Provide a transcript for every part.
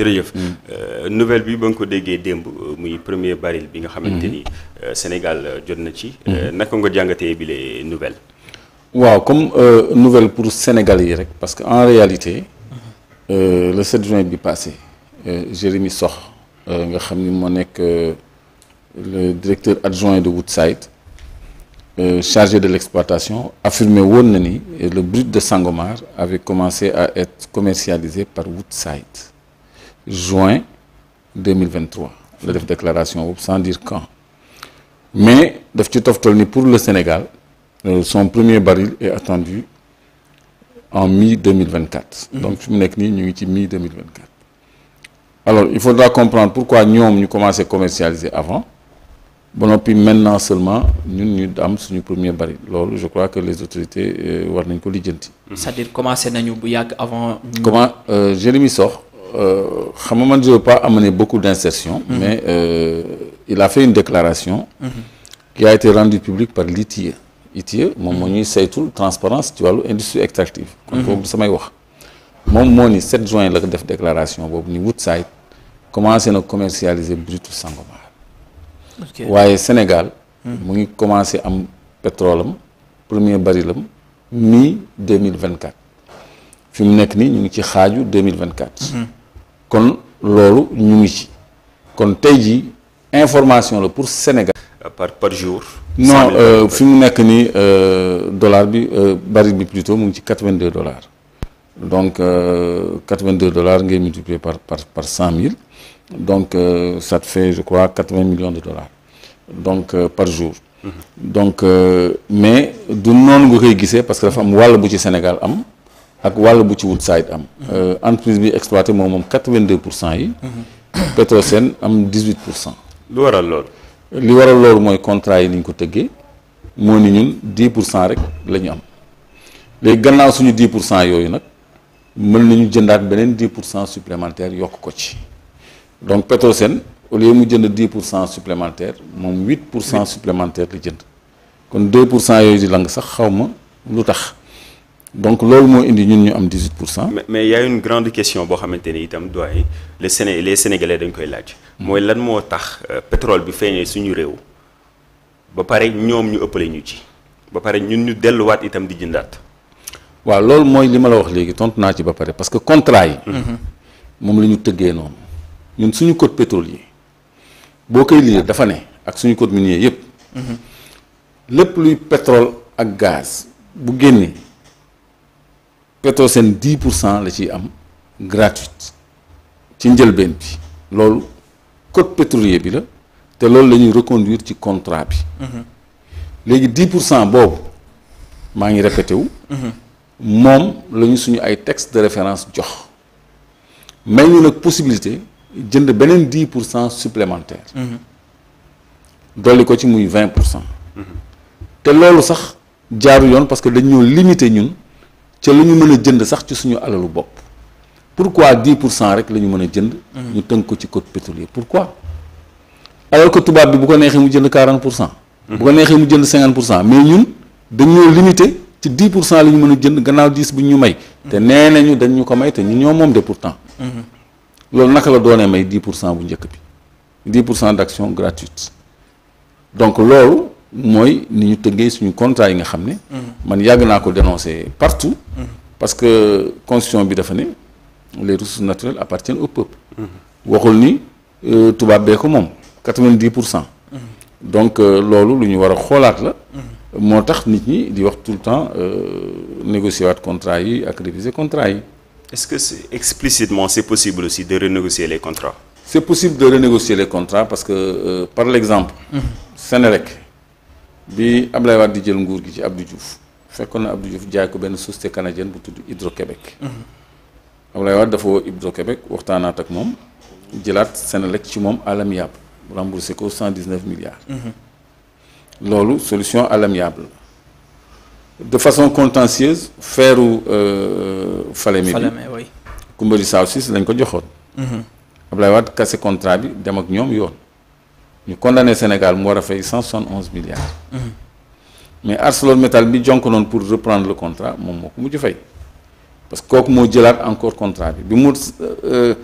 jërëjëf. Mm. Euh, nouvelle bi ba nga ko déggee démb euh, muy premier baril bi nga xamante mm-hmm. ni euh, Sénégal jot na ci. Mm-hmm. naka nga jàngatee bile nouvelle. waaw comme euh, nouvelle pour Sénégal yi rek parce que en réalité. Mm-hmm. Euh, le juin bi passé euh, Jérémy Sox nga xam ni moo nekk le directeur adjoint de Woodside chargé de l'exploitation affirmé woon na ni le brut de Sangomar avait commencé à être commercialisé par Woodside juin 2023 la def déclaration boobu sans dire quand mais def ci toftal ni pour le Sénégal euh, son premier baril est attendu en mi 2024 mmh. donc fi mu nekk nii ñu ngi ci mi 2024 alors il faudra comprendre pourquoi ñoom ñu commencé commercialiser avant ba noppi maintenant seulement ñun ñu am suñu premier baril loolu je crois que les autorités euh, war nañ ko lijjanti. c'est-à-dire commencé nañu bu yàgg avant. comment euh, Jérémy Sox. Euh, xam nga man je veux pas amener beaucoup d'insertion mhm. mais euh, il a fait une déclaration mhm. qui a été rendue publique par l'ITIE ITIE moom moo mhm. ñuy seytu transparence ci wàllu industrie extractive kon boobu samay wax moom moo ni 7 juin la ko def déclaration boobu ni Woodside commencé na commercialiser britu Sangomar waaye Sénégal mu ngi commencé am pétrole am premier baril am mi 2024 fi mu nekk nii ñu ngi ci xaaju 2024 kon loolu ñu ngi ci kon tey ji information la pour Sénégal. par par jour. non euh, fi mu nekk nii euh, dollar bi euh, baril bi plutôt mu ngi ci quatre vingt deux dollars donc quatre vingt deux dollars ngay multiplier par par par cent mille donc euh, ça fait je crois quatre vingt millions de dollars donc par jour. Mhm. donc mais du noonu nga koy gisee parce que dafa am wàll bu ci Sénégal am. ak wàll bu ci Woodside am. Euh, entreprise bi exploité moom moom quatre vingt deux pour cent yi. Petrosen am dix huit pour cent. lu waral loolu. li waral loolu mooy contrat yi ni ko tëggee moo ni ñun pour cent rek la ñu am léegi gannaaw suñu dix pour cent yooyu nag mën nañu jëndaat beneen dix pour cent supplémentaire yokk ko ci donc Petrosen au lieu mu jënd dix pour cent supplémentaire moom huit pour cent supplémentaire la jënd kon deux pour cent yooyu di lang sax xaw ma lu tax. donc loolu moo indi ñun ñu am 18 pour cent. mais mais y une grande question boo xamante ni itam doyen le Séné les sénégalais dañ koy laaj. mooy lan moo tax euh, pétrole bi feeñee suñu réew ba pare ñoom ñu ëppale ñu ci ba pare ñun ñu delluwaat itam di jëndaat. waaw loolu mooy li ma la wax léegi tontu naa ci ba pare parce que contrat yi. Mhm. moom la ñu tëggee noonu. ñun suñu code pétrolier boo koy lire dafa ne ak suñu code minier yëpp. Mhm. lépp luy pétrole ak gaz bu génnee. Petrosen 10 pour cent la ciy am gratuite ci njëlbeen bi loolu code pétrolier bi la te loolu la ñuy reconduire ci contrat bi. Mhm. léegi 10 pour cent boobu maa ngi répété wu. Mhm. moom la ñu suñu ay texte de référence jox may ñu nag possibilité jënd beneen 10 pour cent supplémentaire. Mhm. dolli ko ci muy 20 pour cent. te loolu sax jaaru yoon parce que dañu ñoo limité ñun. ca la ñu a jënd sax ci suñu alalu bopp pourquoi 10 pour cent rek la ñu mën a jënd. Mm-hmm. ñu tënk ko ci code pétrolier pourquoi. alors que tubaab bi bu ko neexee mu jënd 40 pour cent. Mm-hmm. bu ko neexee mu jënd 50 pour cent mais ñun dañoo limité ci 10 pour cent la ñu mën a jënd gannaaw 10 bu ñu may. te mm-hmm. nee nañu dañ ñu ko may te ñu ñoo moom de temps loolu naka la doonee may 10 pour cent bu njëkk bi 10 pour cent d' action gratuite donc loolu. mooy ni ñu tëggee suñu contrat yi nga xam ne. Mhm. man yàgg naa ko dénoncer partout. Mhm. parce que constitution bi dafa ne les ressources naturelles appartiennent au peuple. Mhm. waxul ni euh, tubaab bee ko moom quatre-vingt-dix pour cent. donc euh, loolu lu ñu war a xoolaat la. moo tax nit ñi di wax tout le temps euh, négocier waat contrat yi ak réviser contrat yi. est-ce que c'est explicitement possible aussi de renégocier les contrats. c'est possible de renégocier les contrats parce que euh, par exemple. Sénélec. bi Ablaye Wade di jël nguur gi ci Abdou Diouf fekkoon na Abdou Diouf jaay ko benn société canadienne bu tudd Hydro-Québec. Mhm. Ablaye Wade dafa woo hydro waxtaanaat ak moom jëlaat Senelec ci moom à l'amiable remboursé ko 119 milliards. Mhm. loolu solution à l'amiable la de façon contentieuse feeru euh, Falémé bi Kumbali South Six lañ ko joxoon. Mhm. Ablaye Wade cassé contrat bi dem ak ñoom yoon. ñu condamné Sénégal mu war a fay cent soixante onze milliards. mais ArcelorMittal bi jonk jonkanoon pour reprendre le contrat moom moo ko mujj fay parce que kooku moo jëlaat encore contrat bi bi mu euh,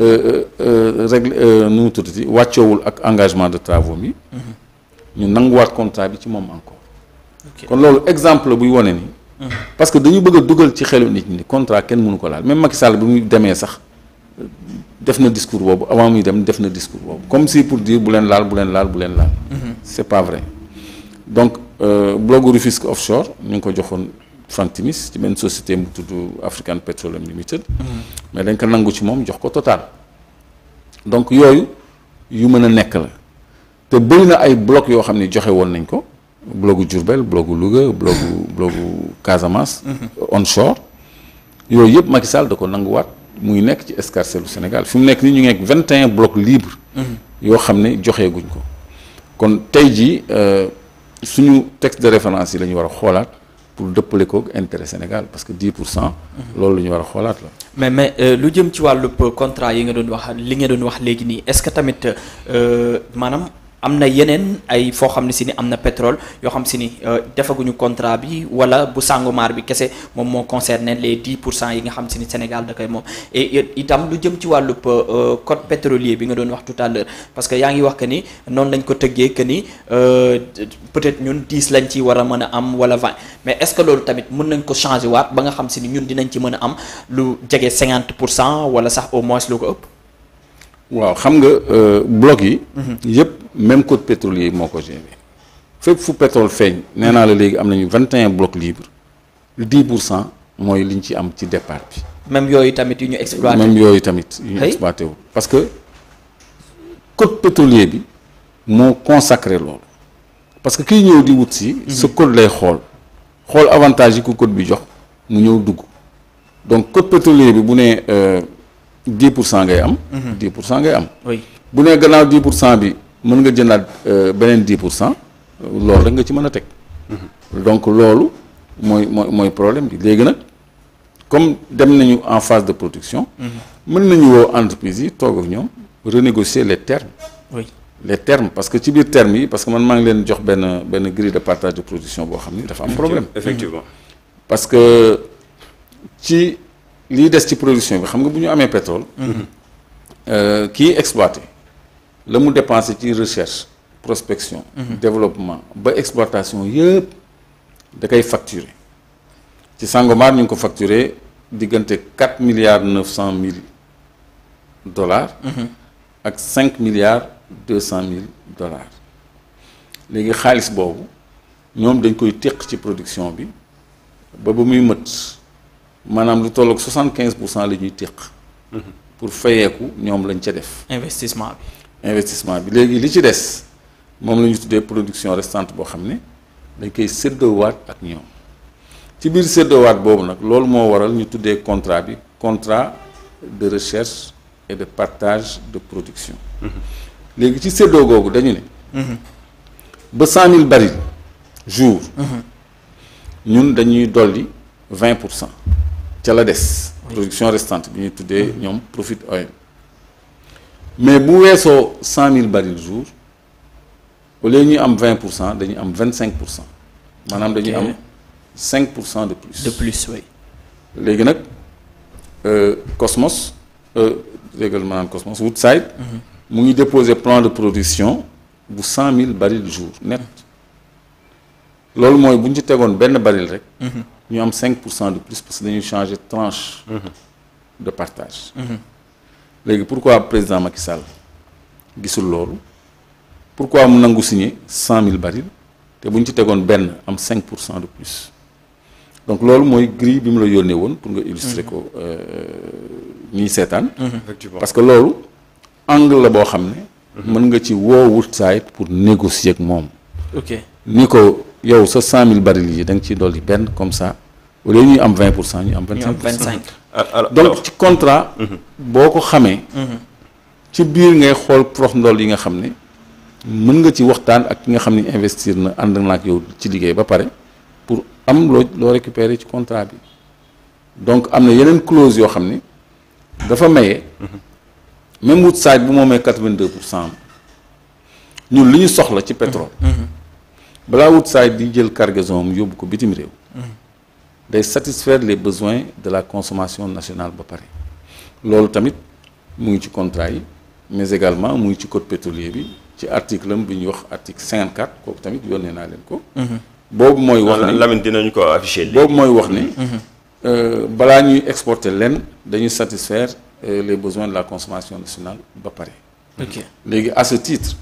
euh, euh, règle nu mu tuddati ak engagement de travaux bi. ñu nanguwaat contrat bi ci moom encore. kon loolu exemple buy wane ni. Mhm. parce que dañu bëgg dugal ci xelu nit ñi contrat kenn mënu ko laal même Macky Sall bi muy demee sax def na discours boobu avant muy dem def na discours boobu comme si pour dire bu leen laal bu leen laal bu leen laal. Mhm. c'est pas vrai donc euh, blogu Rufisque offshore ñu ngi ko joxoon Frank Timis ci benn société mu tudd African Petroleum Limited. Mhm. mais dañ ko nangu ci moom jox ko Total. donc yooyu yu mën a nekk la te bëri na ay blog yoo xam ne joxe woon nañ ko blogu Diourbel blogu Louga blogu blogu Casamance. Mhm. onshore yooyu yëpp Macky Sall da ko nanguwaat. mu ngi nekk ci escarcelle Sénégal fi mu nekk nii ñu ngi nekk vingt et un blocs libres. Mm-hmm. yoo xam ne joxeeguñ ko. kon tey jii euh, suñu texte de référence yi la ñu war a xoolaat pour dëppale ko intérêt Sénégal parce que 10 pour cent. Mm-hmm. loolu la ñu war a xoolaat la. mais mais euh, lu jëm ci wàllu contrat yi nga doon wax li nga doon wax léegi nii est-ce que tamit euh, maanaam. am na yeneen ay foo xam ne si ni am na pétrole yoo xam si ni euh, defaguñu contrat bi wala bu Sangomar bi kese moom moo concerne les dix pour cent yi nga xam si ni Sénégal da koy moom itam lu jëm ci wàllub euh, code pétrolier bi nga doon wax tout à parce que yaa ngi wax que ni noonu lañ ko tëggee que ni euh, peut-être ñun dix lañ ci war a mën a am wala vingt mais est-ce que loolu tamit mën nañ ko changer waat ba nga xam si ni ñun dinañ ci mën a am lu jege cinquante pour cent wala sax au moins lu ko ëpp. waaw xam nga euh, bloc yi. Mhm. yëpp même code pétrolier moo ko gérer fépp fu pétrole feeñ nee naa la am nañu vingt et un blocs libres dix pour cent mooy liñ ci am ci départ bi. même yooyu tamit ñu exploité yooyu tamit yu ñu exploité wu parce que code pétrolier bi moo consacré loolu parce que kiy ñëw di wut si. Mhm. sa code lay xool xool avantage yi ko code bi jox mu ñëw dugg donc code pétrolier bi bu nee. Euh, dix pour cent ngay am. Mhm. dix pour cent ngay am. oui bu nee gannaaw dix pour cent bi mën nga jëndaat euh, beneen dix pour cent loolu rek ci mën a teg. Mhm. donc loolu mooy mooy mooy problème bi léegi nag comme dem nañu en phase de production. Mhm. mën nañu woo entreprise yi toog ak ñoom renégocier les termes. oui les termes parce que ci biir termes yi parce que man maa ngi leen jox benn benn grille de partage de production boo xam ni dafa am problème. effectivement parce que ci. lii des ci production bi xam nga bu ñu amee pétrole. Euh, kii exploité la mu dépensé ci recherche prospection. Mhm. développement ba exploitation yëpp da koy facturé ci Sangomar ñu ngi ko facturé diggante quatre milliards neuf cent mille dollars. Mhm. ak cinq milliards deux cent mille dollars léegi xaalis boobu ñoom dañ koy téq ci production bi ba ba muy mët. maanaam lu tolloog 75 pour cent la ñuy téq mm-hmm. pour fayeeku ñoom lañ ca def. investissement bi. investissement bi léegi li ci des moom la ñu tuddee production restante boo xam ne dañ koy waat ak ñoom ci biir séddoowaat boobu nag loolu moo waral ñu tuddee contrat bi contrat de recherche et de partage de production. Mm-hmm. léegi ci séddoo googu dañu ne. Mm-hmm. ba mille baril jour. ñun dañuy dolli vingt pour cent. ca la des. production restante bi ñuy tuddee mm-hmm. ñoom profit oil. mais bu weesoo cent mille barils jour au lieu am vingt pour cent dañuy am vingt cinq pour cent maanaam dañuy am cinq pour cent de plus. de plus léegi nag euh, Cosmos euh, léegi maanaam Cosmos Woodside. Mm-hmm. mu ngi déposer plan de production bu cent mille barils jour net. Mm-hmm. loolu mooy bu ñu ci tegoon benn baril rek. ñu am 5 pour cent de plus parce que dañuy changer tranche. Mhm. de partage. Mhm. léegi pourquoi président Macky Sall gisul loolu pourquoi mu nangu cent mille baril te bu ñu ci tegoon benn am cinq pour cent de plus donc loolu mooy grille bi mu la yónnee woon pour nga illustrer mhm. ko euh, ñiy seetaan. parce que loolu angle la boo xam ne. mën nga ci woo Woodside pour négocier ak moom. ni ko. yow sa cent mille baril yi da nga ciy dolli benn comme sa au lieu ñuy am vingt pour cent ñu am. vingt cinq pour cent donc ci contrat. Mhm. boo ko xamee. Mhm. ci biir ngay xool prox ndool yi nga xam ne mën nga ci waxtaan ak ki nga xam ne investir na ànd na ak yow ci liggéey ba pare pour am loo loo récupérer ci contrat bi donc am na yeneen clause yoo xam ne dafa maye. Mhm. même wut saaj bu moomee quatre vingt deux pour cent ñun li ñu soxla ci pétrole. balaa Woodside di jël cargaison am yóbbu ko bitim réew. day satisfaire les besoins de la consommation nationale ba pare. loolu tamit mu ngi ci contrat yi mais également mu ngi ci code pétrolier bi ci article am bi ñuy wax article 54 kooku tamit yónnee naa leen ko. Mm-hmm. boobu mooy wax ne Lamine dinañ ko affiché boobu mooy wax ne. Mm-hmm. Mm-hmm. Euh, balaa ñuy exporter leen dañuy satisfaire euh, les besoins de la consommation nationale ba pare. ok léegi à ce titre.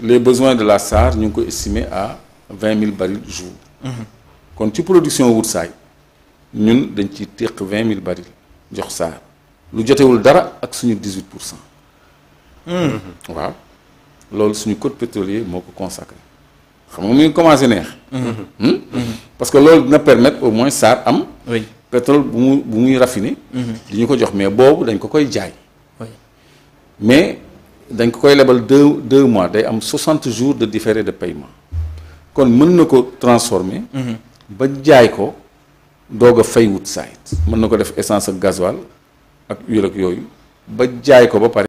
les besoins de la SAR ñu ngi ko estimé à vingt mille barils jour. kon ci production Woodsaay ñun dañ ci téq vingt mille jox SAR lu jotewul dara ak suñu dix huit pour cent. Hmm. waaw loolu suñu code pétrolier moo ko consacré xam nga mu ngi commencé neex. Hmm. Hmm? parce que loolu dina permettre au moins SAR am. oui pétrole bu mu bu muy raffiné. di ñu ko jox mais boobu dañ ko koy jaay. mais dañ ko koy lebal deux deux mois day am soixante jours de différé de paiement kon mën na ko transformer mhm. ba jaay ko doog a fay wut saayit mën na ko def essence ak gasoil ak huile ak yooyu ba jaay ko ba pare